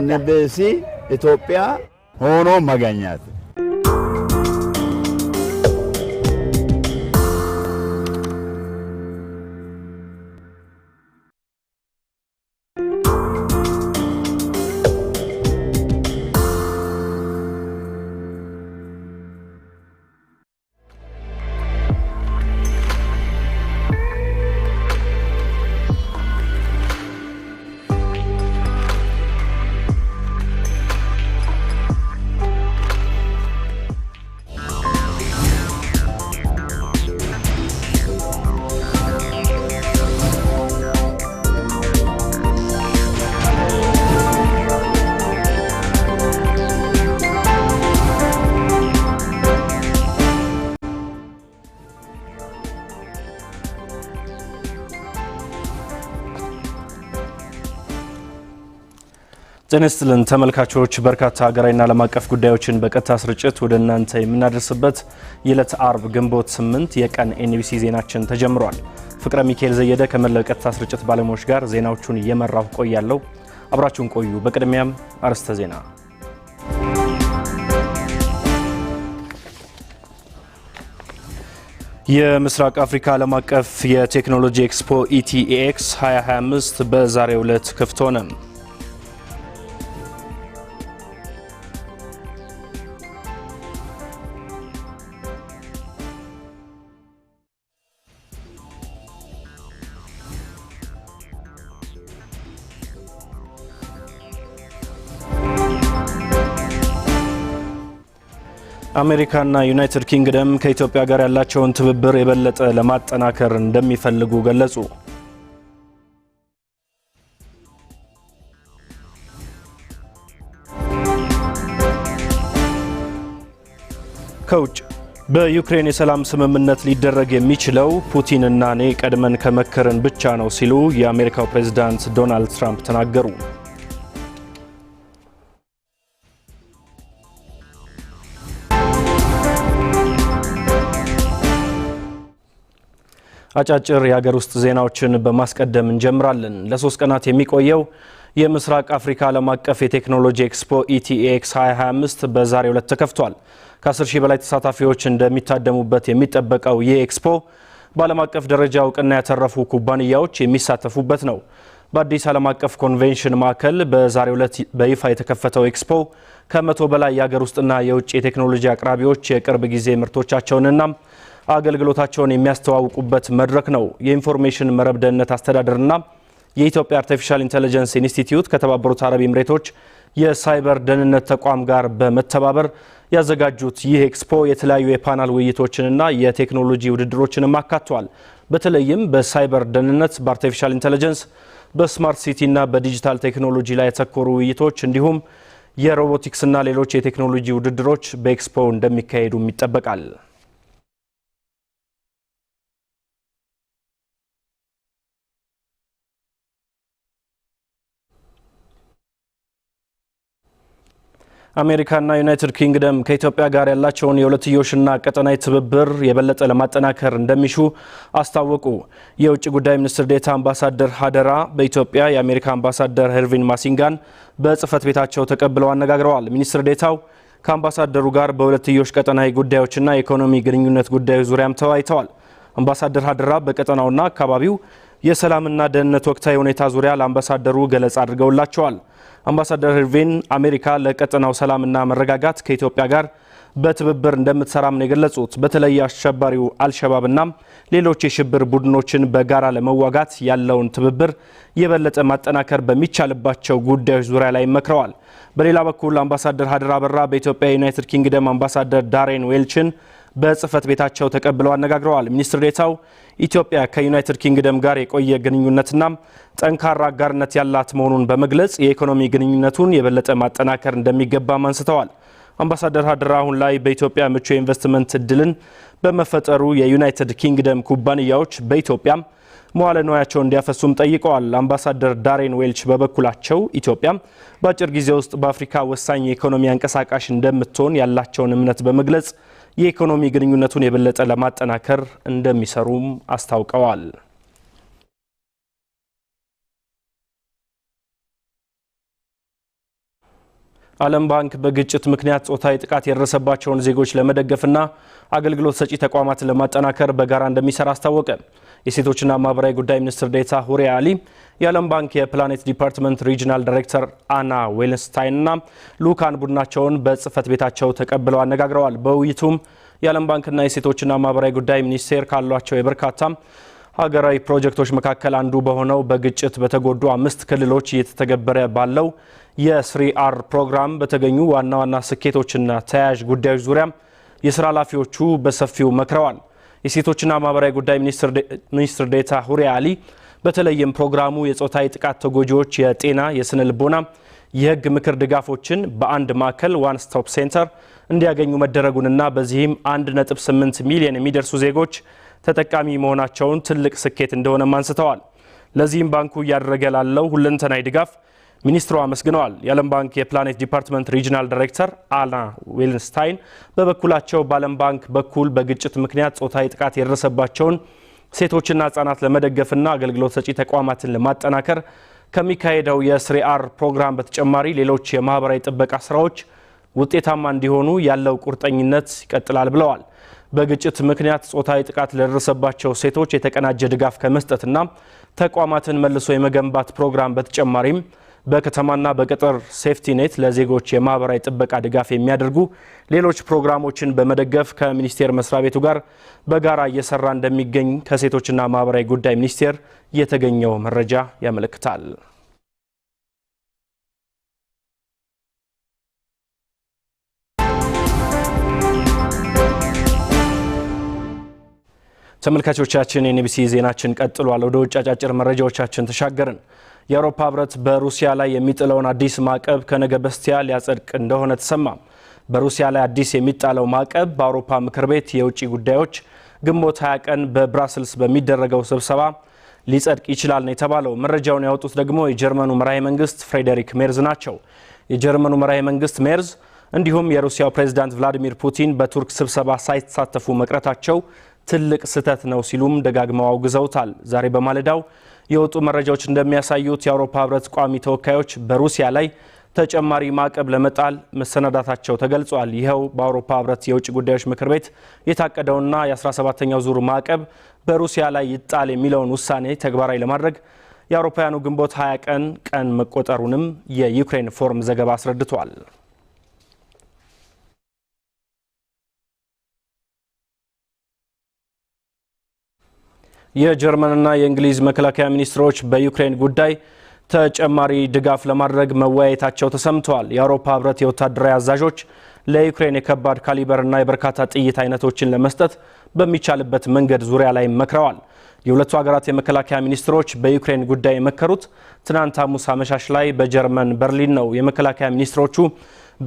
እንብሲ ኢትዮጵያ ሆኖ መገኘት ጤና ይስጥልን ተመልካቾች፣ በርካታ ሀገራዊና ዓለም አቀፍ ጉዳዮችን በቀጥታ ስርጭት ወደ እናንተ የምናደርስበት የዕለት አርብ ግንቦት 8 የቀን ኤንቢሲ ዜናችን ተጀምሯል። ፍቅረ ሚካኤል ዘየደ ከመላው የቀጥታ ስርጭት ባለሙያዎች ጋር ዜናዎቹን እየመራሁ ቆያለሁ። አብራችሁን ቆዩ። በቅድሚያም አርዕስተ ዜና። የምስራቅ አፍሪካ ዓለም አቀፍ የቴክኖሎጂ ኤክስፖ ኢቲኤክስ 2025 በዛሬው ዕለት ክፍት ሆነ። አሜሪካና ዩናይትድ ኪንግደም ከኢትዮጵያ ጋር ያላቸውን ትብብር የበለጠ ለማጠናከር እንደሚፈልጉ ገለጹ። ከውጭ በዩክሬን የሰላም ስምምነት ሊደረግ የሚችለው ፑቲንና እኔ ቀድመን ከመከርን ብቻ ነው ሲሉ የአሜሪካው ፕሬዝዳንት ዶናልድ ትራምፕ ተናገሩ። አጫጭር የሀገር ውስጥ ዜናዎችን በማስቀደም እንጀምራለን። ለሶስት ቀናት የሚቆየው የምስራቅ አፍሪካ ዓለም አቀፍ የቴክኖሎጂ ኤክስፖ ኢቲኤክስ 2025 በዛሬው ዕለት ተከፍቷል። ከ10 ሺህ በላይ ተሳታፊዎች እንደሚታደሙበት የሚጠበቀው ይህ ኤክስፖ በዓለም አቀፍ ደረጃ እውቅና ያተረፉ ኩባንያዎች የሚሳተፉበት ነው። በአዲስ ዓለም አቀፍ ኮንቬንሽን ማዕከል በዛሬው ዕለት በይፋ የተከፈተው ኤክስፖ ከመቶ በላይ የአገር ውስጥና የውጭ የቴክኖሎጂ አቅራቢዎች የቅርብ ጊዜ ምርቶቻቸውንና አገልግሎታቸውን የሚያስተዋውቁበት መድረክ ነው። የኢንፎርሜሽን መረብ ደህንነት አስተዳደርና የኢትዮጵያ አርቲፊሻል ኢንቴሊጀንስ ኢንስቲትዩት ከተባበሩት አረብ ኤምሬቶች የሳይበር ደህንነት ተቋም ጋር በመተባበር ያዘጋጁት ይህ ኤክስፖ የተለያዩ የፓናል ውይይቶችንና የቴክኖሎጂ ውድድሮችንም አካቷል። በተለይም በሳይበር ደህንነት፣ በአርቲፊሻል ኢንቴሊጀንስ፣ በስማርት ሲቲና በዲጂታል ቴክኖሎጂ ላይ ያተኮሩ ውይይቶች እንዲሁም የሮቦቲክስና ሌሎች የቴክኖሎጂ ውድድሮች በኤክስፖ እንደሚካሄዱም ይጠበቃል። አሜሪካና ዩናይትድ ኪንግደም ከኢትዮጵያ ጋር ያላቸውን የሁለትዮሽና ቀጠናዊ ትብብር የበለጠ ለማጠናከር እንደሚሹ አስታወቁ። የውጭ ጉዳይ ሚኒስትር ዴታ አምባሳደር ሀደራ በኢትዮጵያ የአሜሪካ አምባሳደር ሄርቪን ማሲንጋን በጽህፈት ቤታቸው ተቀብለው አነጋግረዋል። ሚኒስትር ዴታው ከአምባሳደሩ ጋር በሁለትዮሽ ቀጠናዊ ጉዳዮችና የኢኮኖሚ ግንኙነት ጉዳዮች ዙሪያም ተወያይተዋል። አምባሳደር ሀደራ በቀጠናውና አካባቢው የሰላምና ደህንነት ወቅታዊ ሁኔታ ዙሪያ ለአምባሳደሩ ገለጻ አድርገውላቸዋል። አምባሳደር ርቬን አሜሪካ ለቀጠናው ሰላምና መረጋጋት ከኢትዮጵያ ጋር በትብብር እንደምትሰራም ነው የገለጹት። በተለይ አሸባሪው አልሸባብና ሌሎች የሽብር ቡድኖችን በጋራ ለመዋጋት ያለውን ትብብር የበለጠ ማጠናከር በሚቻልባቸው ጉዳዮች ዙሪያ ላይ መክረዋል። በሌላ በኩል አምባሳደር ሀደር አበራ በኢትዮጵያ የዩናይትድ ኪንግደም አምባሳደር ዳሬን ዌልችን በጽህፈት ቤታቸው ተቀብለው አነጋግረዋል። ሚኒስትር ዴታው ኢትዮጵያ ከዩናይትድ ኪንግደም ጋር የቆየ ግንኙነትና ጠንካራ አጋርነት ያላት መሆኑን በመግለጽ የኢኮኖሚ ግንኙነቱን የበለጠ ማጠናከር እንደሚገባም አንስተዋል። አምባሳደር ሀድራ አሁን ላይ በኢትዮጵያ ምቹ የኢንቨስትመንት እድልን በመፈጠሩ የዩናይትድ ኪንግደም ኩባንያዎች በኢትዮጵያም መዋለ ንዋያቸው እንዲያፈሱም ጠይቀዋል። አምባሳደር ዳሬን ዌልች በበኩላቸው ኢትዮጵያ በአጭር ጊዜ ውስጥ በአፍሪካ ወሳኝ የኢኮኖሚ አንቀሳቃሽ እንደምትሆን ያላቸውን እምነት በመግለጽ የኢኮኖሚ ግንኙነቱን የበለጠ ለማጠናከር እንደሚሰሩም አስታውቀዋል። ዓለም ባንክ በግጭት ምክንያት ጾታዊ ጥቃት የደረሰባቸውን ዜጎች ለመደገፍና አገልግሎት ሰጪ ተቋማትን ለማጠናከር በጋራ እንደሚሰራ አስታወቀ። የሴቶችና ማህበራዊ ጉዳይ ሚኒስትር ዴታ ሁሬ አሊ የዓለም ባንክ የፕላኔት ዲፓርትመንት ሪጂናል ዳይሬክተር አና ዌልንስታይንና ልኡካን ቡድናቸውን በጽህፈት ቤታቸው ተቀብለው አነጋግረዋል። በውይይቱም የዓለም ባንክና የሴቶችና ማህበራዊ ጉዳይ ሚኒስቴር ካሏቸው የበርካታ ሀገራዊ ፕሮጀክቶች መካከል አንዱ በሆነው በግጭት በተጎዱ አምስት ክልሎች እየተተገበረ ባለው የስሪ አር ፕሮግራም በተገኙ ዋና ዋና ስኬቶችና ተያያዥ ጉዳዮች ዙሪያ የስራ ኃላፊዎቹ በሰፊው መክረዋል። የሴቶችና ማህበራዊ ጉዳይ ሚኒስትር ዴታ ሁሪያ አሊ በተለይም ፕሮግራሙ የጾታዊ ጥቃት ተጎጂዎች የጤና፣ የስነ ልቦና፣ የህግ ምክር ድጋፎችን በአንድ ማዕከል ዋን ስቶፕ ሴንተር እንዲያገኙ መደረጉንና በዚህም 1.8 ሚሊዮን የሚደርሱ ዜጎች ተጠቃሚ መሆናቸውን ትልቅ ስኬት እንደሆነም አንስተዋል። ለዚህም ባንኩ እያደረገ ላለው ሁለንተናዊ ድጋፍ ሚኒስትሩ አመስግነዋል። የዓለም ባንክ የፕላኔት ዲፓርትመንት ሪጂናል ዳይሬክተር አላ ዌልንስታይን በበኩላቸው በዓለም ባንክ በኩል በግጭት ምክንያት ጾታዊ ጥቃት የደረሰባቸውን ሴቶችና ህጻናት ለመደገፍና አገልግሎት ሰጪ ተቋማትን ለማጠናከር ከሚካሄደው የስሪአር ፕሮግራም በተጨማሪ ሌሎች የማህበራዊ ጥበቃ ስራዎች ውጤታማ እንዲሆኑ ያለው ቁርጠኝነት ይቀጥላል ብለዋል። በግጭት ምክንያት ጾታዊ ጥቃት ለደረሰባቸው ሴቶች የተቀናጀ ድጋፍ ከመስጠትና ተቋማትን መልሶ የመገንባት ፕሮግራም በተጨማሪም በከተማና በቅጥር ሴፍቲ ኔት ለዜጎች የማህበራዊ ጥበቃ ድጋፍ የሚያደርጉ ሌሎች ፕሮግራሞችን በመደገፍ ከሚኒስቴር መስሪያ ቤቱ ጋር በጋራ እየሰራ እንደሚገኝ ከሴቶችና ማህበራዊ ጉዳይ ሚኒስቴር የተገኘው መረጃ ያመለክታል። ተመልካቾቻችን የኤንቢሲ ዜናችን ቀጥሏል። ወደ ውጭ አጫጭር መረጃዎቻችን ተሻገርን። የአውሮፓ ህብረት በሩሲያ ላይ የሚጥለውን አዲስ ማዕቀብ ከነገ በስቲያ ሊያጸድቅ እንደሆነ ተሰማ። በሩሲያ ላይ አዲስ የሚጣለው ማዕቀብ በአውሮፓ ምክር ቤት የውጭ ጉዳዮች ግንቦት 20 ቀን በብራስልስ በሚደረገው ስብሰባ ሊጸድቅ ይችላል ነው የተባለው። መረጃውን ያወጡት ደግሞ የጀርመኑ መራሄ መንግስት ፍሬዴሪክ ሜርዝ ናቸው። የጀርመኑ መራሄ መንግስት ሜርዝ እንዲሁም የሩሲያው ፕሬዝዳንት ቭላዲሚር ፑቲን በቱርክ ስብሰባ ሳይሳተፉ መቅረታቸው ትልቅ ስህተት ነው ሲሉም ደጋግመው አውግዘውታል። ዛሬ በማለዳው የወጡ መረጃዎች እንደሚያሳዩት የአውሮፓ ህብረት ቋሚ ተወካዮች በሩሲያ ላይ ተጨማሪ ማዕቀብ ለመጣል መሰናዳታቸው ተገልጿል። ይኸው በአውሮፓ ህብረት የውጭ ጉዳዮች ምክር ቤት የታቀደውና የ17ኛው ዙር ማዕቀብ በሩሲያ ላይ ይጣል የሚለውን ውሳኔ ተግባራዊ ለማድረግ የአውሮፓውያኑ ግንቦት 20 ቀን ቀን መቆጠሩንም የዩክሬን ፎርም ዘገባ አስረድቷል። የጀርመንና የእንግሊዝ መከላከያ ሚኒስትሮች በዩክሬን ጉዳይ ተጨማሪ ድጋፍ ለማድረግ መወያየታቸው ተሰምተዋል። የአውሮፓ ህብረት የወታደራዊ አዛዦች ለዩክሬን የከባድ ካሊበርና የበርካታ ጥይት አይነቶችን ለመስጠት በሚቻልበት መንገድ ዙሪያ ላይ መክረዋል። የሁለቱ ሀገራት የመከላከያ ሚኒስትሮች በዩክሬን ጉዳይ የመከሩት ትናንት ሐሙስ አመሻሽ ላይ በጀርመን በርሊን ነው። የመከላከያ ሚኒስትሮቹ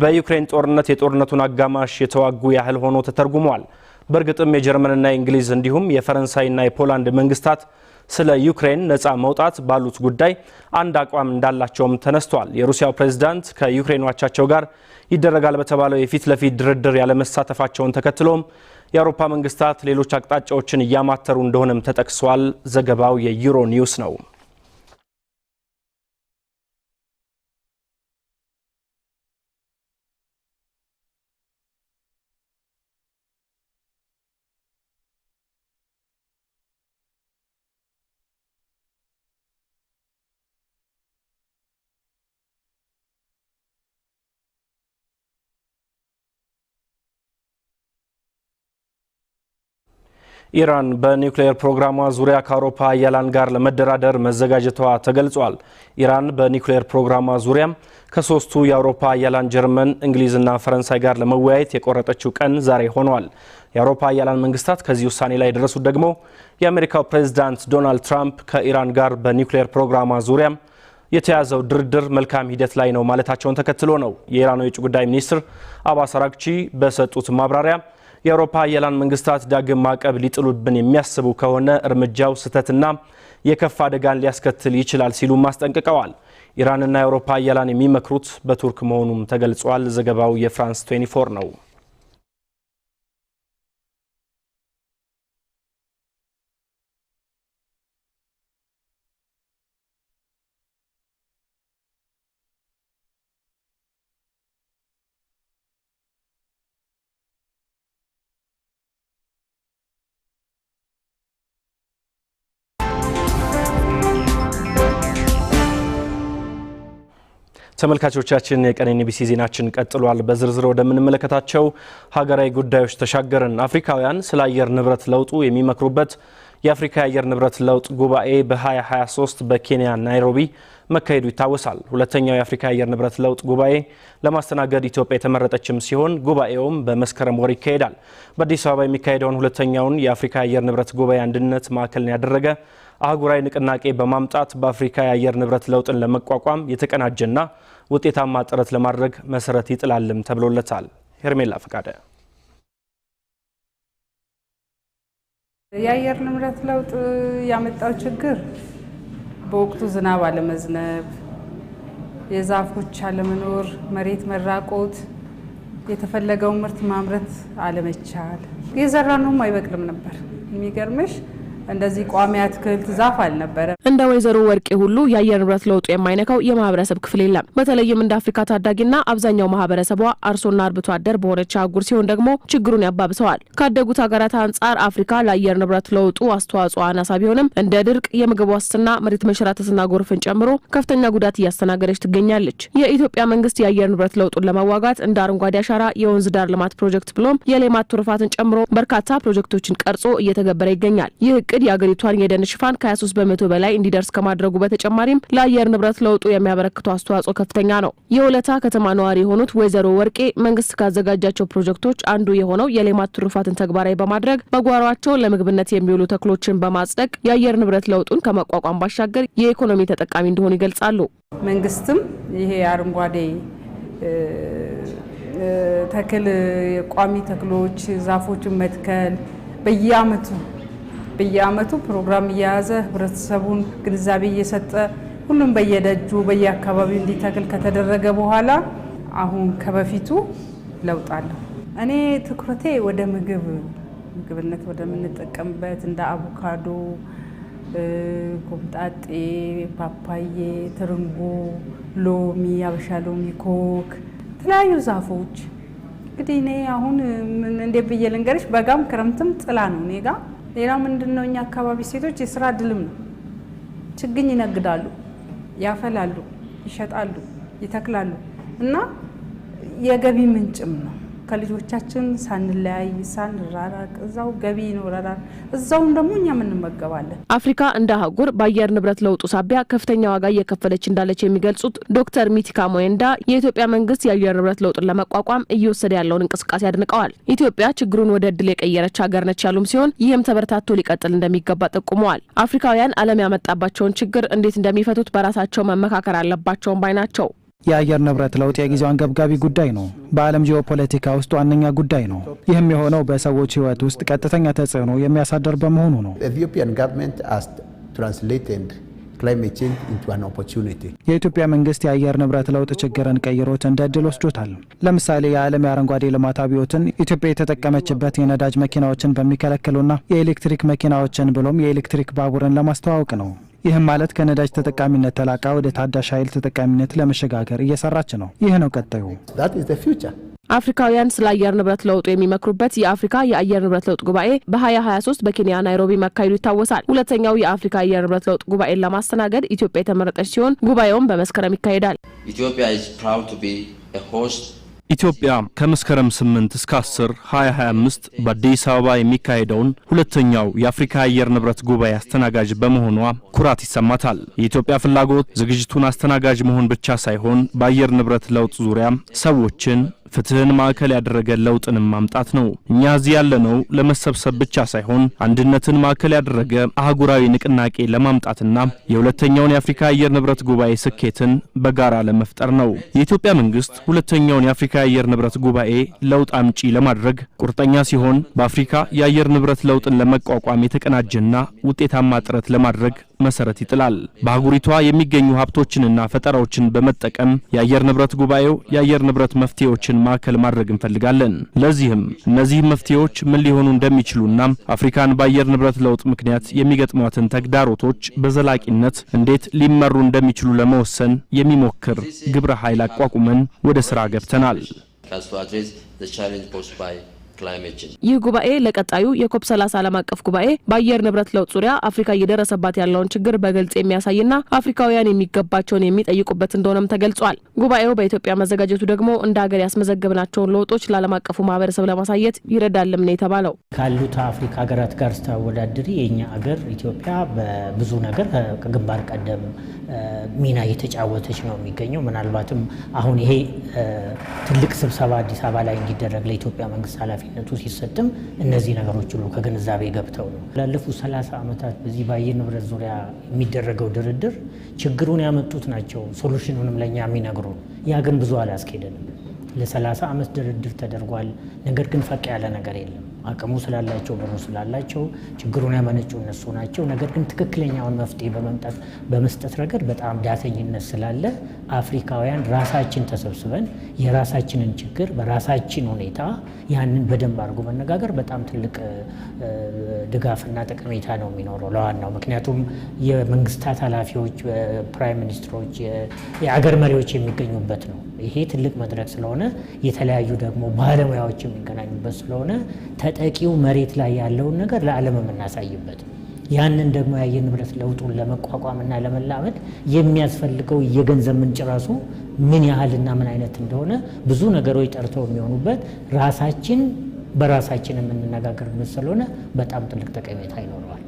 በዩክሬን ጦርነት የጦርነቱን አጋማሽ የተዋጉ ያህል ሆኖ ተተርጉመዋል። በእርግጥም የጀርመንና የእንግሊዝ እንዲሁም የፈረንሳይና የፖላንድ መንግስታት ስለ ዩክሬን ነጻ መውጣት ባሉት ጉዳይ አንድ አቋም እንዳላቸውም ተነስቷል። የሩሲያው ፕሬዝዳንት ከዩክሬን አቻቸው ጋር ይደረጋል በተባለው የፊት ለፊት ድርድር ያለመሳተፋቸውን ተከትሎም የአውሮፓ መንግስታት ሌሎች አቅጣጫዎችን እያማተሩ እንደሆነም ተጠቅሷል። ዘገባው የዩሮ ኒውስ ነው። ኢራን በኒውክሌየር ፕሮግራሟ ዙሪያ ከአውሮፓ አያላን ጋር ለመደራደር መዘጋጀቷ ተገልጿል። ኢራን በኒውክሌየር ፕሮግራሟ ዙሪያም ከሶስቱ የአውሮፓ አያላን ጀርመን፣ እንግሊዝና ፈረንሳይ ጋር ለመወያየት የቆረጠችው ቀን ዛሬ ሆኗል። የአውሮፓ አያላን መንግስታት ከዚህ ውሳኔ ላይ የደረሱት ደግሞ የአሜሪካው ፕሬዚዳንት ዶናልድ ትራምፕ ከኢራን ጋር በኒውክሌየር ፕሮግራሟ ዙሪያም የተያዘው ድርድር መልካም ሂደት ላይ ነው ማለታቸውን ተከትሎ ነው። የኢራኑ የውጭ ጉዳይ ሚኒስትር አባስ አራግቺ በሰጡት ማብራሪያ የአውሮፓ የላን መንግስታት ዳግም ማዕቀብ ሊጥሉብን የሚያስቡ ከሆነ እርምጃው ስህተትና የከፋ አደጋን ሊያስከትል ይችላል ሲሉም አስጠንቅቀዋል። ኢራንና የአውሮፓ የላን የሚመክሩት በቱርክ መሆኑም ተገልጿል። ዘገባው የፍራንስ 24 ነው። ተመልካቾቻችን የቀን ኢቢሲ ዜናችን ቀጥሏል። በዝርዝር ወደምንመለከታቸው ሀገራዊ ጉዳዮች ተሻገርን። አፍሪካውያን ስለ አየር ንብረት ለውጡ የሚመክሩበት የአፍሪካ የአየር ንብረት ለውጥ ጉባኤ በ2023 በኬንያ ናይሮቢ መካሄዱ ይታወሳል። ሁለተኛው የአፍሪካ የአየር ንብረት ለውጥ ጉባኤ ለማስተናገድ ኢትዮጵያ የተመረጠችም ሲሆን ጉባኤውም በመስከረም ወር ይካሄዳል። በአዲስ አበባ የሚካሄደውን ሁለተኛውን የአፍሪካ የአየር ንብረት ጉባኤ አንድነት ማዕከልን ያደረገ አህጉራዊ ንቅናቄ በማምጣት በአፍሪካ የአየር ንብረት ለውጥን ለመቋቋም የተቀናጀና ውጤታማ ጥረት ለማድረግ መሰረት ይጥላልም ተብሎለታል። ሄርሜላ ፈቃደ የአየር ንብረት ለውጥ ያመጣው ችግር በወቅቱ ዝናብ አለመዝነብ፣ የዛፎች አለመኖር፣ መሬት መራቆት፣ የተፈለገው ምርት ማምረት አለመቻል፣ የዘራነውም አይበቅልም ነበር የሚገርምሽ እንደዚህ ቋሚ አትክልት ዛፍ አልነበረ። እንደ ወይዘሮ ወርቄ ሁሉ የአየር ንብረት ለውጡ የማይነካው የማህበረሰብ ክፍል የለም። በተለይም እንደ አፍሪካ ታዳጊና አብዛኛው ማህበረሰቧ አርሶና አርብቶ አደር በሆነች አህጉር ሲሆን ደግሞ ችግሩን ያባብሰዋል። ካደጉት ሀገራት አንጻር አፍሪካ ለአየር ንብረት ለውጡ አስተዋጽኦ አናሳ ቢሆንም እንደ ድርቅ፣ የምግብ ዋስትና፣ መሬት መሸራተትና ጎርፍን ጨምሮ ከፍተኛ ጉዳት እያስተናገደች ትገኛለች። የኢትዮጵያ መንግስት የአየር ንብረት ለውጡን ለመዋጋት እንደ አረንጓዴ አሻራ፣ የወንዝ ዳር ልማት ፕሮጀክት ብሎም የሌማት ትሩፋትን ጨምሮ በርካታ ፕሮጀክቶችን ቀርጾ እየተገበረ ይገኛል። ይህ እቅድ የአገሪቷን የደን ሽፋን ከ23 በመቶ በላይ እንዲደርስ ከማድረጉ በተጨማሪም ለአየር ንብረት ለውጡ የሚያበረክተው አስተዋጽኦ ከፍተኛ ነው። የሁለታ ከተማ ነዋሪ የሆኑት ወይዘሮ ወርቄ መንግስት ካዘጋጃቸው ፕሮጀክቶች አንዱ የሆነው የሌማት ትሩፋትን ተግባራዊ በማድረግ በጓሯቸው ለምግብነት የሚውሉ ተክሎችን በማጽደቅ የአየር ንብረት ለውጡን ከመቋቋም ባሻገር የኢኮኖሚ ተጠቃሚ እንደሆኑ ይገልጻሉ። መንግስትም ይሄ አረንጓዴ ተክል ቋሚ ተክሎች ዛፎችን መትከል በየአመቱ በየአመቱ ፕሮግራም እየያዘ ህብረተሰቡን ግንዛቤ እየሰጠ ሁሉም በየደጁ በየአካባቢው እንዲተክል ከተደረገ በኋላ አሁን ከበፊቱ ለውጥ አለው። እኔ ትኩረቴ ወደ ምግብ ምግብነት ወደምንጠቀምበት እንደ አቮካዶ፣ ኮምጣጤ፣ ፓፓዬ፣ ትርንጎ፣ ሎሚ፣ አበሻ ሎሚ፣ ኮክ፣ የተለያዩ ዛፎች እንግዲህ እኔ አሁን እንዴት ብዬ ልንገርሽ፣ በጋም ክረምትም ጥላ ነው እኔ ጋር ሌላው ምንድን ነው እኛ አካባቢ ሴቶች የስራ እድልም ነው። ችግኝ ይነግዳሉ፣ ያፈላሉ፣ ይሸጣሉ፣ ይተክላሉ እና የገቢ ምንጭም ነው። ከልጆቻችን ሳንለያይ ሳንራራቅ እዛው ገቢ ይኖረናል፣ እዛውም ደግሞ እኛም እንመገባለን። አፍሪካ እንደ አህጉር በአየር ንብረት ለውጡ ሳቢያ ከፍተኛ ዋጋ እየከፈለች እንዳለች የሚገልጹት ዶክተር ሚቲካ ሞየንዳ የኢትዮጵያ መንግስት የአየር ንብረት ለውጡን ለመቋቋም እየወሰደ ያለውን እንቅስቃሴ አድንቀዋል። ኢትዮጵያ ችግሩን ወደ እድል የቀየረች ሀገር ነች ያሉም ሲሆን ይህም ተበረታቶ ሊቀጥል እንደሚገባ ጠቁመዋል። አፍሪካውያን ዓለም ያመጣባቸውን ችግር እንዴት እንደሚፈቱት በራሳቸው መመካከር አለባቸውም ባይ ናቸው። የአየር ንብረት ለውጥ የጊዜው አንገብጋቢ ጉዳይ ነው። በዓለም ጂኦፖለቲካ ውስጥ ዋነኛ ጉዳይ ነው። ይህም የሆነው በሰዎች ሕይወት ውስጥ ቀጥተኛ ተጽዕኖ የሚያሳደር በመሆኑ ነው። የኢትዮጵያ መንግስት የአየር ንብረት ለውጥ ችግርን ቀይሮት እንደ እድል ወስዶታል። ለምሳሌ የዓለም የአረንጓዴ ልማት አብዮትን ኢትዮጵያ የተጠቀመችበት የነዳጅ መኪናዎችን በሚከለክሉና የኤሌክትሪክ መኪናዎችን ብሎም የኤሌክትሪክ ባቡርን ለማስተዋወቅ ነው። ይህም ማለት ከነዳጅ ተጠቃሚነት ተላቃ ወደ ታዳሽ ኃይል ተጠቃሚነት ለመሸጋገር እየሰራች ነው። ይህ ነው ቀጣዩ። አፍሪካውያን ስለ አየር ንብረት ለውጡ የሚመክሩበት የአፍሪካ የአየር ንብረት ለውጥ ጉባኤ በ2023 በኬንያ ናይሮቢ መካሄዱ ይታወሳል። ሁለተኛው የአፍሪካ የአየር ንብረት ለውጥ ጉባኤን ለማስተናገድ ኢትዮጵያ የተመረጠች ሲሆን ጉባኤውም በመስከረም ይካሄዳል። ኢትዮጵያ ከመስከረም 8 እስከ 10 2025 በአዲስ አበባ የሚካሄደውን ሁለተኛው የአፍሪካ አየር ንብረት ጉባኤ አስተናጋጅ በመሆኗ ኩራት ይሰማታል። የኢትዮጵያ ፍላጎት ዝግጅቱን አስተናጋጅ መሆን ብቻ ሳይሆን በአየር ንብረት ለውጥ ዙሪያ ሰዎችን ፍትህን ማዕከል ያደረገ ለውጥንም ማምጣት ነው። እኛ እዚህ ያለነው ለመሰብሰብ ብቻ ሳይሆን አንድነትን ማዕከል ያደረገ አህጉራዊ ንቅናቄ ለማምጣትና የሁለተኛውን የአፍሪካ አየር ንብረት ጉባኤ ስኬትን በጋራ ለመፍጠር ነው። የኢትዮጵያ መንግስት ሁለተኛውን የአፍሪካ የአየር ንብረት ጉባኤ ለውጥ አምጪ ለማድረግ ቁርጠኛ ሲሆን በአፍሪካ የአየር ንብረት ለውጥን ለመቋቋም የተቀናጀና ውጤታማ ጥረት ለማድረግ መሰረት ይጥላል። በአህጉሪቷ የሚገኙ ሀብቶችንና ፈጠራዎችን በመጠቀም የአየር ንብረት ጉባኤው የአየር ንብረት መፍትሄዎችን ማዕከል ማድረግ እንፈልጋለን። ለዚህም እነዚህ መፍትሄዎች ምን ሊሆኑ እንደሚችሉና አፍሪካን በአየር ንብረት ለውጥ ምክንያት የሚገጥሟትን ተግዳሮቶች በዘላቂነት እንዴት ሊመሩ እንደሚችሉ ለመወሰን የሚሞክር ግብረ ኃይል አቋቁመን ወደ ስራ ገብተናል። ይህ ጉባኤ ለቀጣዩ የኮፕ 30 ዓለም አቀፍ ጉባኤ በአየር ንብረት ለውጥ ዙሪያ አፍሪካ እየደረሰባት ያለውን ችግር በግልጽ የሚያሳይና አፍሪካውያን የሚገባቸውን የሚጠይቁበት እንደሆነም ተገልጿል። ጉባኤው በኢትዮጵያ መዘጋጀቱ ደግሞ እንደ ሀገር ያስመዘገብናቸውን ለውጦች ለዓለም አቀፉ ማህበረሰብ ለማሳየት ይረዳልም ነው የተባለው። ካሉት አፍሪካ ሀገራት ጋር ስታወዳድሪ የእኛ ሀገር ኢትዮጵያ በብዙ ነገር ከግንባር ቀደም ሚና እየተጫወተች ነው የሚገኘው። ምናልባትም አሁን ይሄ ትልቅ ስብሰባ አዲስ አበባ ላይ እንዲደረግ ለኢትዮጵያ መንግስት ኃላፊ ኃላፊነቱ ሲሰጥም እነዚህ ነገሮች ሁሉ ከግንዛቤ ገብተው ነው። ላለፉት 30 ዓመታት በዚህ በአየር ንብረት ዙሪያ የሚደረገው ድርድር ችግሩን ያመጡት ናቸው፣ ሶሉሽኑንም ለእኛ የሚነግሩ ያ ግን ብዙ አላስኬደንም። ለ30 ዓመት ድርድር ተደርጓል። ነገር ግን ፈቅ ያለ ነገር የለም። አቅሙ ስላላቸው ብሩ ስላላቸው ችግሩን ያመነጩ እነሱ ናቸው። ነገር ግን ትክክለኛውን መፍትሄ በመምጣት በመስጠት ረገድ በጣም ዳተኝነት ስላለ አፍሪካውያን ራሳችን ተሰብስበን የራሳችንን ችግር በራሳችን ሁኔታ ያንን በደንብ አድርጎ መነጋገር በጣም ትልቅ ድጋፍና ጠቀሜታ ነው የሚኖረው ለዋናው። ምክንያቱም የመንግስታት ኃላፊዎች፣ ፕራይም ሚኒስትሮች፣ የአገር መሪዎች የሚገኙበት ነው። ይሄ ትልቅ መድረክ ስለሆነ የተለያዩ ደግሞ ባለሙያዎች የሚገናኙበት ስለሆነ ተጠቂው መሬት ላይ ያለውን ነገር ለዓለም የምናሳይበት ያንን ደግሞ የአየር ንብረት ለውጡን ለመቋቋምና ለመላመድ የሚያስፈልገው የገንዘብ ምንጭ ራሱ ምን ያህልና ምን አይነት እንደሆነ ብዙ ነገሮች ጠርተው የሚሆኑበት ራሳችን በራሳችን የምንነጋገርበት ስለሆነ በጣም ትልቅ ጠቀሜታ ይኖረዋል።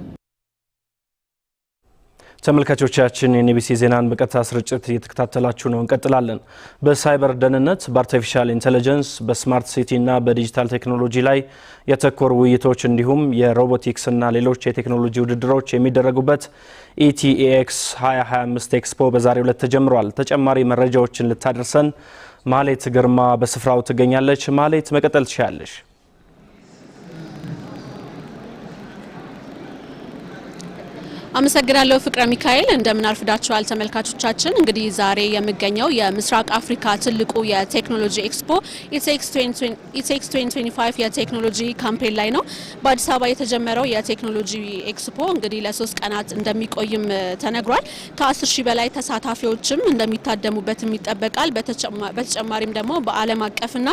ተመልካቾቻችን የኔቢሲ ዜናን በቀጥታ ስርጭት እየተከታተላችሁ ነው። እንቀጥላለን። በሳይበር ደህንነት፣ በአርቲፊሻል ኢንቴሊጀንስ፣ በስማርት ሲቲ እና በዲጂታል ቴክኖሎጂ ላይ የተኮር ውይይቶች እንዲሁም የሮቦቲክስ እና ሌሎች የቴክኖሎጂ ውድድሮች የሚደረጉበት ኢቲኤክስ 2025 ኤክስፖ በዛሬው ዕለት ተጀምሯል። ተጨማሪ መረጃዎችን ልታደርሰን ማሌት ግርማ በስፍራው ትገኛለች። ማሌት መቀጠል ትችላለች። አመሰግናለሁ ፍቅረ ሚካኤል። እንደምን አርፍዳችኋል ተመልካቾቻችን። እንግዲህ ዛሬ የምገኘው የምስራቅ አፍሪካ ትልቁ የቴክኖሎጂ ኤክስፖ ኢቴክስ 2025 የቴክኖሎጂ ካምፔን ላይ ነው። በአዲስ አበባ የተጀመረው የቴክኖሎጂ ኤክስፖ እንግዲህ ለሶስት ቀናት እንደሚቆይም ተነግሯል። ከ10 ሺህ በላይ ተሳታፊዎችም እንደሚታደሙበትም ይጠበቃል። በተጨማሪም ደግሞ በዓለም አቀፍና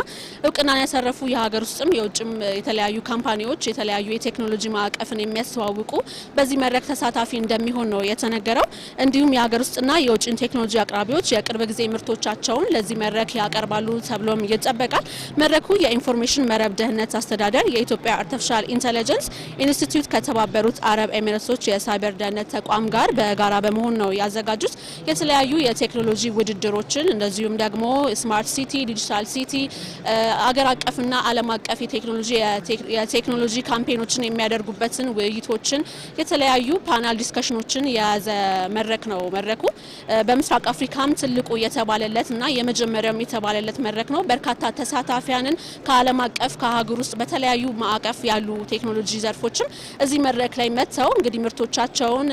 እውቅናን ያሰረፉ የሀገር ውስጥም የውጭም የተለያዩ ካምፓኒዎች የተለያዩ የቴክኖሎጂ ማዕቀፍን የሚያስተዋውቁ በዚህ መድረክ ተሳታፊ አትራፊ እንደሚሆን ነው የተነገረው። እንዲሁም የሀገር ውስጥና የውጭን ቴክኖሎጂ አቅራቢዎች የቅርብ ጊዜ ምርቶቻቸውን ለዚህ መድረክ ያቀርባሉ ተብሎም ይጠበቃል። መድረኩ የኢንፎርሜሽን መረብ ደህንነት አስተዳደር፣ የኢትዮጵያ አርቲፊሻል ኢንቴሊጀንስ ኢንስቲትዩት ከተባበሩት አረብ ኤሚሬቶች የሳይበር ደህንነት ተቋም ጋር በጋራ በመሆን ነው ያዘጋጁት። የተለያዩ የቴክኖሎጂ ውድድሮችን እንደዚሁም ደግሞ ስማርት ሲቲ፣ ዲጂታል ሲቲ፣ አገር አቀፍና ዓለም አቀፍ የቴክኖሎጂ ካምፔኖችን የሚያደርጉበትን ውይይቶችን የተለያዩ ፓናል ዲስከሽኖችን የያዘ መድረክ ነው። መድረኩ በምስራቅ አፍሪካም ትልቁ የተባለለት እና የመጀመሪያውም የተባለለት መድረክ ነው። በርካታ ተሳታፊያንን ከዓለም አቀፍ ከሀገር ውስጥ በተለያዩ ማዕቀፍ ያሉ ቴክኖሎጂ ዘርፎችም እዚህ መድረክ ላይ መጥተው እንግዲህ ምርቶቻቸውን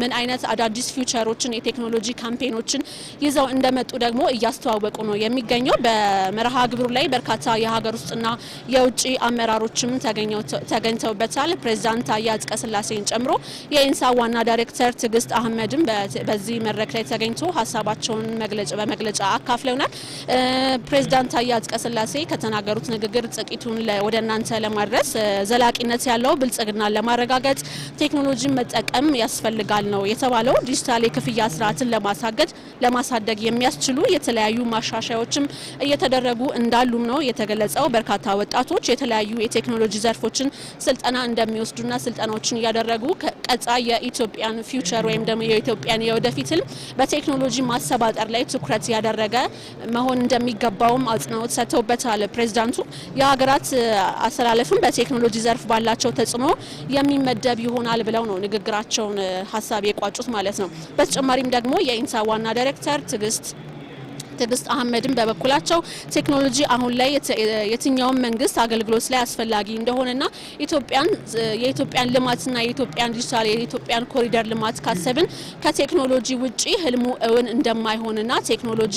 ምን አይነት አዳዲስ ፊውቸሮችን የቴክኖሎጂ ካምፔኖችን ይዘው እንደመጡ ደግሞ እያስተዋወቁ ነው የሚገኘው። በመርሃ ግብሩ ላይ በርካታ የሀገር ውስጥና የውጭ አመራሮችም ተገኝተውበታል። ፕሬዚዳንት ታዬ አጽቀሥላሴን ጨምሮ የኢንሳ ዋና ዳይሬክተር ትዕግስት አህመድም በዚህ መድረክ ላይ ተገኝቶ ሀሳባቸውን መግለጫ በመግለጫ አካፍለውናል። ፕሬዚዳንት ታዬ አጽቀሥላሴ ከተናገሩት ንግግር ጥቂቱን ወደ እናንተ ለማድረስ ዘላቂነት ያለው ብልጽግናን ለማረጋገጥ ቴክኖሎጂን መጠቀም ያስፈልጋል ነው የተባለው። ዲጂታል የክፍያ ስርዓትን ለማሳገድ ለማሳደግ የሚያስችሉ የተለያዩ ማሻሻያዎችም እየተደረጉ እንዳሉም ነው የተገለጸው። በርካታ ወጣቶች የተለያዩ የቴክኖሎጂ ዘርፎችን ስልጠና እንደሚወስዱና ስልጠናዎችን እያደረጉ ቀጻ የኢትዮጵያን ፊውቸር ወይም ደግሞ የኢትዮጵያን የወደፊት ህልም በቴክኖሎጂ ማሰባጠር ላይ ትኩረት ያደረገ መሆን እንደሚገባውም አጽንኦት ሰጥተውበታል። ፕሬዚዳንቱ የሀገራት አስተላለፍም በቴክኖሎጂ ዘርፍ ባላቸው ተጽዕኖ የሚመደብ ይሆናል ብለው ነው ንግግራቸውን ሀሳብ የቋጩት ማለት ነው። በተጨማሪም ደግሞ የኢንሳ ዋና ዳይሬክተር ትዕግስት ትዕግስት አህመድም በበኩላቸው ቴክኖሎጂ አሁን ላይ የትኛውም መንግስት አገልግሎት ላይ አስፈላጊ እንደሆነና ኢትዮጵያን የኢትዮጵያን ልማትና የኢትዮጵያን ዲጂታል የኢትዮጵያን ኮሪደር ልማት ካሰብን ከቴክኖሎጂ ውጪ ህልሙ እውን እንደማይሆንና ቴክኖሎጂ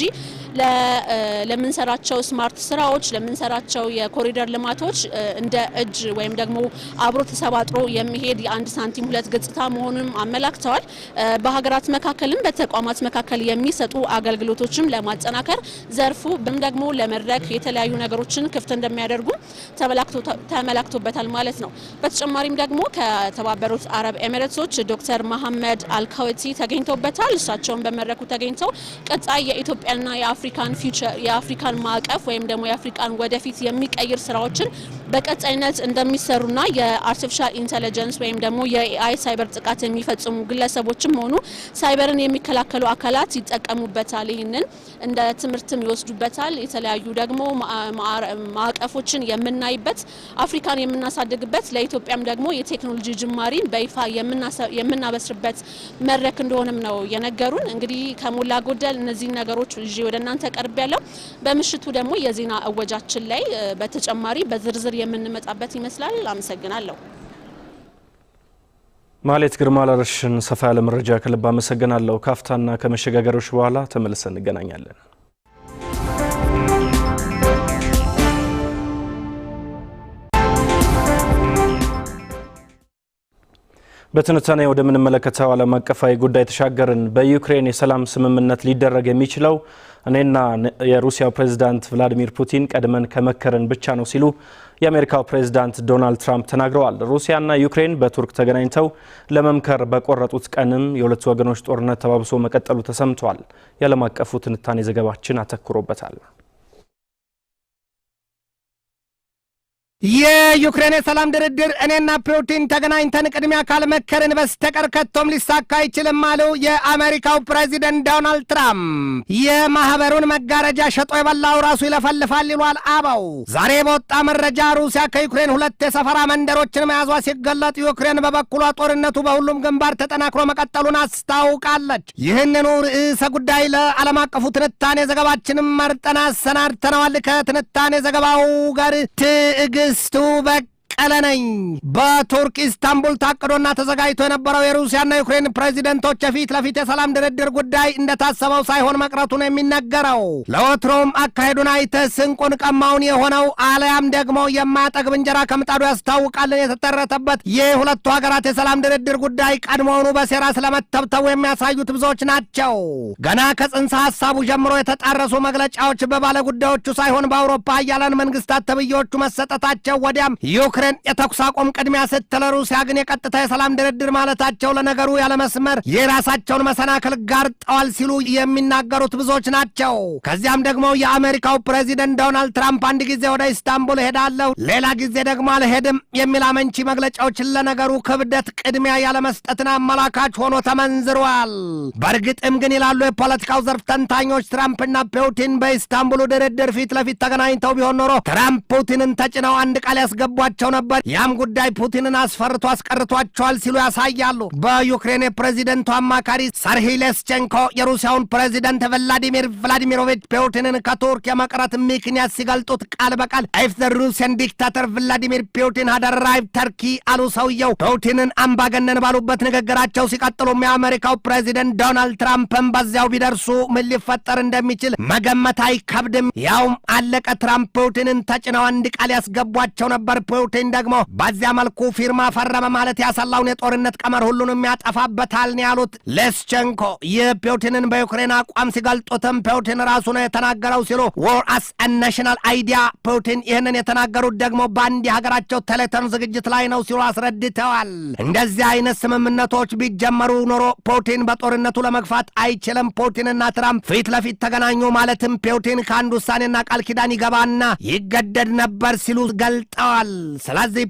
ለምንሰራቸው ስማርት ስራዎች ለምንሰራቸው የኮሪደር ልማቶች እንደ እጅ ወይም ደግሞ አብሮ ተሰባጥሮ የሚሄድ የአንድ ሳንቲም ሁለት ገጽታ መሆኑንም አመላክተዋል። በሀገራት መካከልም በተቋማት መካከል የሚሰጡ አገልግሎቶችም ለማ በማጠናከር ዘርፉ ብም ደግሞ ለመድረክ የተለያዩ ነገሮችን ክፍት እንደሚያደርጉ ተመላክቶበታል ማለት ነው። በተጨማሪም ደግሞ ከተባበሩት አረብ ኤሚሬቶች ዶክተር መሐመድ አልካወቲ ተገኝተውበታል። እሳቸውን በመድረኩ ተገኝተው ቀጣይ የኢትዮጵያና የአፍሪካን ፊውቸር የአፍሪካን ማዕቀፍ ወይም ደግሞ የአፍሪካን ወደፊት የሚቀይር ስራዎችን በቀጣይነት እንደሚሰሩና የአርቲፊሻል ኢንተለጀንስ ወይም ደግሞ የኤአይ ሳይበር ጥቃት የሚፈጽሙ ግለሰቦችም ሆኑ ሳይበርን የሚከላከሉ አካላት ይጠቀሙበታል። ይህንን እንደ ትምህርትም ይወስዱበታል። የተለያዩ ደግሞ ማዕቀፎችን የምናይበት፣ አፍሪካን የምናሳድግበት፣ ለኢትዮጵያም ደግሞ የቴክኖሎጂ ጅማሪን በይፋ የምናበስርበት መድረክ እንደሆነም ነው የነገሩን። እንግዲህ ከሞላ ጎደል እነዚህ ነገሮች ይዤ ወደ እናንተ ቀርብ ያለው በምሽቱ ደግሞ የዜና እወጃችን ላይ በተጨማሪ በዝርዝር የምንመጣበት ይመስላል። አመሰግናለሁ። ማሌት ግርማ ላረሽን ሰፋ ያለ መረጃ ከልብ አመሰግናለሁ። ካፍታና ከመሸጋገሮች በኋላ ተመልሰን እንገናኛለን። በትንታኔ ወደምንመለከተው ዓለም አቀፋዊ ጉዳይ ተሻገርን። በዩክሬን የሰላም ስምምነት ሊደረግ የሚችለው እኔና የሩሲያው ፕሬዚዳንት ቭላዲሚር ፑቲን ቀድመን ከመከረን ብቻ ነው ሲሉ የአሜሪካው ፕሬዝዳንት ዶናልድ ትራምፕ ተናግረዋል። ሩሲያና ዩክሬን በቱርክ ተገናኝተው ለመምከር በቆረጡት ቀንም የሁለቱ ወገኖች ጦርነት ተባብሶ መቀጠሉ ተሰምቷል። የዓለም አቀፉ ትንታኔ ዘገባችን አተኩሮበታል። የዩክሬን የሰላም ድርድር እኔና ፑቲን ተገናኝተን ቅድሚያ ካልመከርን በስተቀር ከቶም ሊሳካ አይችልም አሉ የአሜሪካው ፕሬዚደንት ዶናልድ ትራምፕ። የማህበሩን መጋረጃ ሸጦ የበላው ራሱ ይለፈልፋል ይሏል አበው። ዛሬ በወጣ መረጃ ሩሲያ ከዩክሬን ሁለት የሰፈራ መንደሮችን መያዟ ሲገለጥ፣ ዩክሬን በበኩሏ ጦርነቱ በሁሉም ግንባር ተጠናክሮ መቀጠሉን አስታውቃለች። ይህንኑ ርዕሰ ጉዳይ ለዓለም አቀፉ ትንታኔ ዘገባችንም መርጠን አሰናድተነዋል። ከትንታኔ ዘገባው ጋር ትዕግ stool back በቀለ ነኝ። በቱርክ ኢስታንቡል ታቅዶና ተዘጋጅቶ የነበረው የሩሲያና ዩክሬን ፕሬዚደንቶች የፊት ለፊት የሰላም ድርድር ጉዳይ እንደታሰበው ሳይሆን መቅረቱን የሚነገረው ለወትሮም አካሄዱን አይተ ስንቁን ቀማውን የሆነው አለያም ደግሞ የማያጠግብ እንጀራ ከምጣዱ ያስታውቃልን የተተረተበት የሁለቱ ሀገራት የሰላም ድርድር ጉዳይ ቀድሞውኑ በሴራ ስለመተብተቡ የሚያሳዩት ብዙዎች ናቸው። ገና ከጽንሰ ሀሳቡ ጀምሮ የተጣረሱ መግለጫዎች በባለጉዳዮቹ ሳይሆን በአውሮፓ አያለን መንግስታት ተብዬዎቹ መሰጠታቸው ወዲያም ዩክሬን የተኩስ አቆም ቅድሚያ ስትል ሩሲያ ግን የቀጥታ የሰላም ድርድር ማለታቸው ለነገሩ ያለመስመር የራሳቸውን መሰናክል ጋርጠዋል ሲሉ የሚናገሩት ብዙዎች ናቸው። ከዚያም ደግሞ የአሜሪካው ፕሬዚደንት ዶናልድ ትራምፕ አንድ ጊዜ ወደ ኢስታንቡል እሄዳለሁ፣ ሌላ ጊዜ ደግሞ አልሄድም የሚል አመንቺ መግለጫዎችን ለነገሩ ክብደት ቅድሚያ ያለመስጠትን አመላካች ሆኖ ተመንዝሯል። በእርግጥም ግን ይላሉ የፖለቲካው ዘርፍ ተንታኞች ትራምፕና ፑቲን በኢስታንቡሉ ድርድር ፊት ለፊት ተገናኝተው ቢሆን ኖሮ ትራምፕ ፑቲንን ተጭነው አንድ ቃል ያስገቧቸው ነበር። ያም ጉዳይ ፑቲንን አስፈርቶ አስቀርቷቸዋል ሲሉ ያሳያሉ። በዩክሬን የፕሬዚደንቱ አማካሪ ሰርሂ ሌስቼንኮ የሩሲያውን ፕሬዚደንት ቭላዲሚር ቭላዲሚሮቪች ፑቲንን ከቱርክ የመቅረት ምክንያት ሲገልጡት ቃል በቃል ኢፍ ዘ ሩሲያን ዲክታተር ቭላዲሚር ፑቲን ሃድ አራይቭድ ተርኪ አሉ። ሰውየው ፑቲንን አምባገነን ባሉበት ንግግራቸው ሲቀጥሉም የአሜሪካው ፕሬዚደንት ዶናልድ ትራምፕን በዚያው ቢደርሱ ምን ሊፈጠር እንደሚችል መገመት አይከብድም። ያውም አለቀ። ትራምፕ ፑቲንን ተጭነው አንድ ቃል ያስገቧቸው ነበር። ፑቲን ፑቲን ደግሞ በዚያ መልኩ ፊርማ ፈረመ ማለት ያሰላውን የጦርነት ቀመር ሁሉንም ያጠፋበታል ነው ያሉት ሌስቸንኮ። ይህ ፑቲንን በዩክሬን አቋም ሲገልጡትም ፑቲን ራሱ ነው የተናገረው ሲሉ ዎር አስ ናሽናል አይዲያ ፑቲን ይህንን የተናገሩት ደግሞ በአንድ የሀገራቸው ቴሌተን ዝግጅት ላይ ነው ሲሉ አስረድተዋል። እንደዚህ አይነት ስምምነቶች ቢጀመሩ ኖሮ ፑቲን በጦርነቱ ለመግፋት አይችልም። ፑቲንና ትራምፕ ፊት ለፊት ተገናኙ ማለትም ፑቲን ከአንድ ውሳኔና ቃል ኪዳን ይገባና ይገደድ ነበር ሲሉ ገልጠዋል።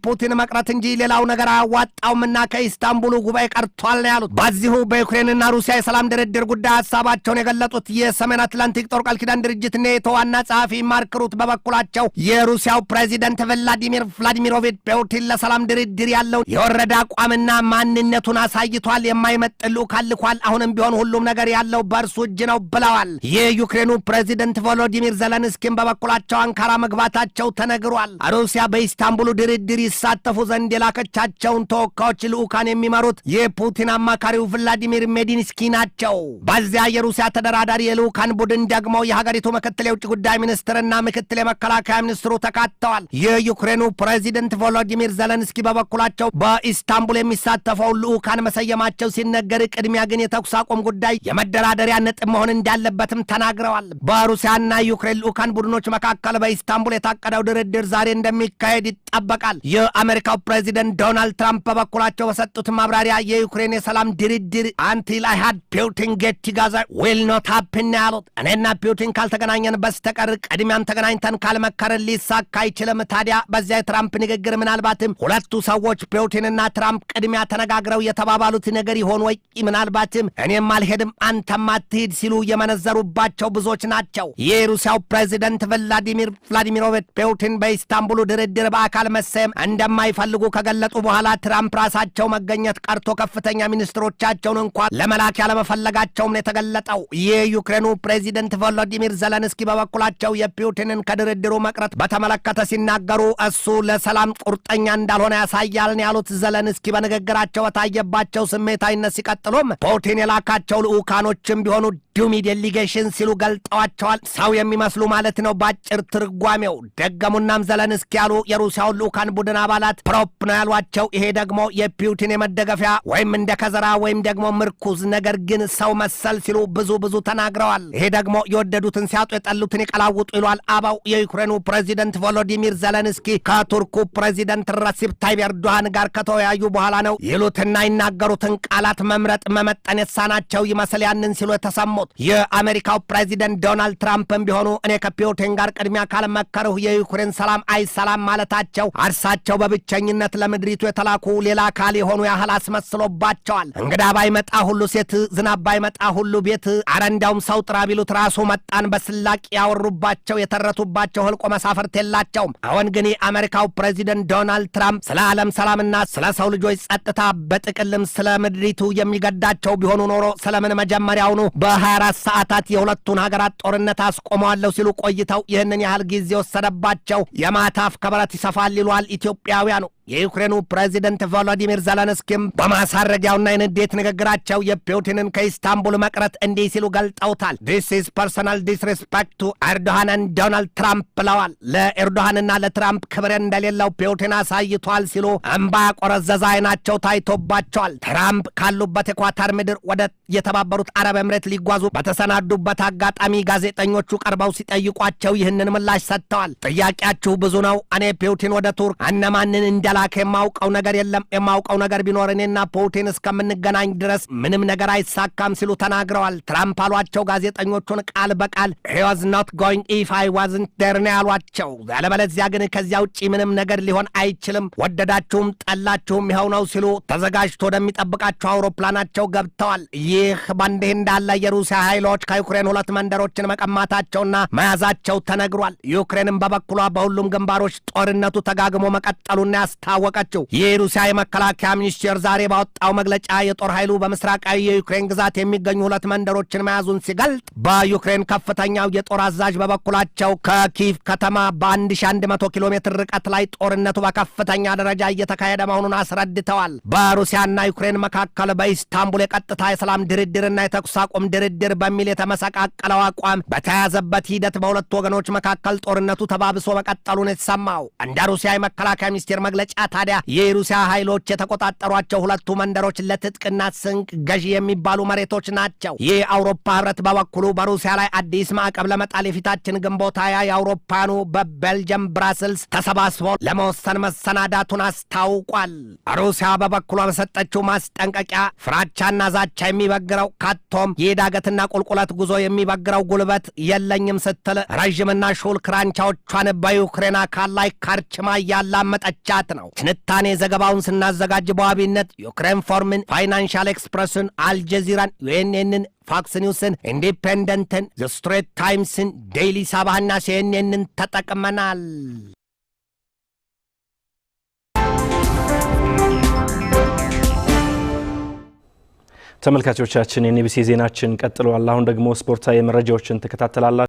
ፑቲን መቅረት እንጂ ሌላው ነገር አያዋጣውምና ከኢስታንቡሉ ጉባኤ ቀርቷል ነው ያሉት። በዚሁ በዩክሬንና ሩሲያ የሰላም ድርድር ጉዳይ ሀሳባቸውን የገለጡት የሰሜን አትላንቲክ ጦር ቃል ኪዳን ድርጅት ኔቶ ዋና ጸሐፊ ማርክ ሩት በበኩላቸው የሩሲያው ፕሬዚደንት ቭላዲሚር ቭላዲሚሮቪች ፑቲን ለሰላም ድርድር ያለው የወረደ አቋምና ማንነቱን አሳይቷል። የማይመጥሉ ካልኳል። አሁንም ቢሆን ሁሉም ነገር ያለው በእርሱ እጅ ነው ብለዋል። የዩክሬኑ ፕሬዚደንት ቮሎዲሚር ዘለንስኪን በበኩላቸው አንካራ መግባታቸው ተነግሯል። ሩሲያ በኢስታንቡሉ ድ ድርድር ይሳተፉ ዘንድ የላከቻቸውን ተወካዮች ልዑካን የሚመሩት የፑቲን አማካሪው ቭላዲሚር ሜዲንስኪ ናቸው። በዚያ የሩሲያ ተደራዳሪ የልዑካን ቡድን ደግሞ የሀገሪቱ ምክትል የውጭ ጉዳይ ሚኒስትርና ምክትል የመከላከያ ሚኒስትሩ ተካተዋል። የዩክሬኑ ፕሬዚደንት ቮሎዲሚር ዘለንስኪ በበኩላቸው በኢስታንቡል የሚሳተፈውን ልዑካን መሰየማቸው ሲነገር፣ ቅድሚያ ግን የተኩስ አቁም ጉዳይ የመደራደሪያ ነጥብ መሆን እንዳለበትም ተናግረዋል። በሩሲያና ዩክሬን ልዑካን ቡድኖች መካከል በኢስታንቡል የታቀደው ድርድር ዛሬ እንደሚካሄድ ይጠበቃል። ይጠበቃል። የአሜሪካው ፕሬዚደንት ዶናልድ ትራምፕ በበኩላቸው በሰጡት ማብራሪያ የዩክሬን የሰላም ድርድር አንቲል አይ ሃድ ፑቲን ጌት ቱጌዘር ዊል ኖት ሃፕን ያሉት እኔና ፑቲን ካልተገናኘን በስተቀር ቅድሚያም ተገናኝተን ካልመከርን ሊሳካ አይችልም። ታዲያ በዚያ የትራምፕ ንግግር ምናልባትም ሁለቱ ሰዎች ፑቲንና ትራምፕ ቅድሚያ ተነጋግረው የተባባሉት ነገር ይሆን ወይ? ምናልባትም እኔም አልሄድም አንተም አትሂድ ሲሉ የመነዘሩባቸው ብዙዎች ናቸው። የሩሲያው ፕሬዚደንት ቭላዲሚር ቭላዲሚሮቪች ፑቲን በኢስታንቡሉ ድርድር በአካል መስ እንዲሰሴም እንደማይፈልጉ ከገለጡ በኋላ ትራምፕ ራሳቸው መገኘት ቀርቶ ከፍተኛ ሚኒስትሮቻቸውን እንኳ ለመላክ ያለመፈለጋቸውም ነው የተገለጠው። ይህ ዩክሬኑ ፕሬዚደንት ቮሎዲሚር ዘለንስኪ በበኩላቸው የፑቲንን ከድርድሩ መቅረት በተመለከተ ሲናገሩ እሱ ለሰላም ቁርጠኛ እንዳልሆነ ያሳያልን ያሉት ዘለንስኪ በንግግራቸው በታየባቸው ስሜታዊነት ሲቀጥሉም ፑቲን የላካቸው ልዑካኖችም ቢሆኑ ቫክዩም ዴሊጌሽን ሲሉ ገልጠዋቸዋል። ሰው የሚመስሉ ማለት ነው በአጭር ትርጓሜው። ደገሙናም ዘለንስኪ ያሉ የሩሲያውን ልዑካን ቡድን አባላት ፕሮፕ ነው ያሏቸው። ይሄ ደግሞ የፒውቲን የመደገፊያ ወይም እንደ ከዘራ ወይም ደግሞ ምርኩዝ ነገር ግን ሰው መሰል ሲሉ ብዙ ብዙ ተናግረዋል። ይሄ ደግሞ የወደዱትን ሲያጡ የጠሉትን ይቀላውጡ ይሏል አባው። የዩክሬኑ ፕሬዚደንት ቮሎዲሚር ዘለንስኪ ከቱርኩ ፕሬዚደንት ረሲብ ታይብ ኤርዶሃን ጋር ከተወያዩ በኋላ ነው ይሉትና ይናገሩትን ቃላት መምረጥ መመጠን የተሳናቸው ይመስል ያንን ሲሉ የተሰሙት ያሉት። የአሜሪካው ፕሬዚደንት ዶናልድ ትራምፕም ቢሆኑ እኔ ከፑቲን ጋር ቅድሚያ ካልመከርሁ የዩክሬን ሰላም አይሰላም ማለታቸው እርሳቸው በብቸኝነት ለምድሪቱ የተላኩ ሌላ አካል የሆኑ ያህል አስመስሎባቸዋል። እንግዳ ባይመጣ ሁሉ ሴት፣ ዝናብ ባይመጣ ሁሉ ቤት፣ አረ ሰው ጥራ ቢሉት ራሱ መጣን በስላቅ ያወሩባቸው የተረቱባቸው ህልቆ መሳፍርት የላቸውም። አሁን ግን የአሜሪካው ፕሬዚደንት ዶናልድ ትራምፕ ስለ ዓለም ሰላምና ስለ ሰው ልጆች ጸጥታ በጥቅልም ስለ ምድሪቱ የሚገዳቸው ቢሆኑ ኖሮ ስለምን መጀመሪያውኑ በሀያ አራት ሰዓታት የሁለቱን ሀገራት ጦርነት አስቆመዋለሁ ሲሉ ቆይተው ይህንን ያህል ጊዜ ወሰደባቸው። የማታፍ ከበረት ይሰፋል ይሏል ኢትዮጵያውያኑ። የዩክሬኑ ፕሬዚደንት ቮሎዲሚር ዘለንስኪም በማሳረጊያውና የንዴት ንግግራቸው የፑቲንን ከኢስታንቡል መቅረት እንዲህ ሲሉ ገልጠውታል። ዲስ ኢዝ ፐርሶናል ዲስሪስፔክት ቱ ኤርዶሃን ዶናልድ ትራምፕ ብለዋል። ለኤርዶሃንና ለትራምፕ ክብር እንደሌለው ፑቲን አሳይቷል ሲሉ እምባ ያቆረዘዘ አይናቸው ታይቶባቸዋል። ትራምፕ ካሉበት የኳታር ምድር ወደ የተባበሩት አረብ ኤምሬት ሊጓዙ በተሰናዱበት አጋጣሚ ጋዜጠኞቹ ቀርበው ሲጠይቋቸው ይህንን ምላሽ ሰጥተዋል። ጥያቄያችሁ ብዙ ነው። እኔ ፑቲን ወደ ቱርክ እነማንን እንደ ተላከ። የማውቀው ነገር የለም። የማውቀው ነገር ቢኖር እኔና ፑቲን እስከምንገናኝ ድረስ ምንም ነገር አይሳካም ሲሉ ተናግረዋል። ትራምፕ አሏቸው ጋዜጠኞቹን ቃል በቃል ሂ ዋዝ ኖት ጎይንግ ኢፍ አይ ዋዝንት ዴር ነው ያሏቸው። ያለበለዚያ ግን ከዚያ ውጭ ምንም ነገር ሊሆን አይችልም፣ ወደዳችሁም ጠላችሁም ይኸው ነው ሲሉ ተዘጋጅቶ ወደሚጠብቃቸው አውሮፕላናቸው ገብተዋል። ይህ በእንዲህ እንዳለ የሩሲያ ኃይሎች ከዩክሬን ሁለት መንደሮችን መቀማታቸውና መያዛቸው ተነግሯል። ዩክሬንም በበኩሏ በሁሉም ግንባሮች ጦርነቱ ተጋግሞ መቀጠሉና ያስታል አስታወቀችው። የሩሲያ የመከላከያ ሚኒስቴር ዛሬ ባወጣው መግለጫ የጦር ኃይሉ በምስራቃዊ የዩክሬን ግዛት የሚገኙ ሁለት መንደሮችን መያዙን ሲገልጥ በዩክሬን ከፍተኛው የጦር አዛዥ በበኩላቸው ከኪቭ ከተማ በ1100 ኪሎ ሜትር ርቀት ላይ ጦርነቱ በከፍተኛ ደረጃ እየተካሄደ መሆኑን አስረድተዋል። በሩሲያና ዩክሬን መካከል በኢስታንቡል የቀጥታ የሰላም ድርድርና የተኩስ አቁም ድርድር በሚል የተመሰቃቀለው አቋም በተያዘበት ሂደት በሁለቱ ወገኖች መካከል ጦርነቱ ተባብሶ መቀጠሉን የተሰማው እንደ ሩሲያ የመከላከያ ሚኒስቴር መግለጫ ታዲያ የሩሲያ ኃይሎች የተቆጣጠሯቸው ሁለቱ መንደሮች ለትጥቅና ስንቅ ገዢ የሚባሉ መሬቶች ናቸው። ይህ አውሮፓ ህብረት በበኩሉ በሩሲያ ላይ አዲስ ማዕቀብ ለመጣል የፊታችን ግንቦት ሃያ የአውሮፓኑ በቤልጅየም ብራስልስ ተሰባስቦ ለመወሰን መሰናዳቱን አስታውቋል። ሩሲያ በበኩሏ በሰጠችው ማስጠንቀቂያ ፍራቻና ዛቻ የሚበግረው ካቶም የዳገትና ቁልቁለት ጉዞ የሚበግረው ጉልበት የለኝም ስትል ረዥምና ሹል ክራንቻዎቿን በዩክሬን አካል ላይ ካርችማ እያላመጠቻት ነው። ነው። ትንታኔ ዘገባውን ስናዘጋጅ በዋቢነት ዩክሬን ፎርምን፣ ፋይናንሻል ኤክስፕረስን፣ አልጀዚራን፣ ዩኤንኤንን ፎክስ ኒውስን፣ ኢንዲፔንደንትን፣ ዘ ስትሬት ታይምስን፣ ዴይሊ ሳባህና ሲኤንኤንን ተጠቅመናል። ተመልካቾቻችን የኤንቢሲ ዜናችን ቀጥሏል። አሁን ደግሞ ስፖርታዊ መረጃዎችን ትከታተላላችሁ።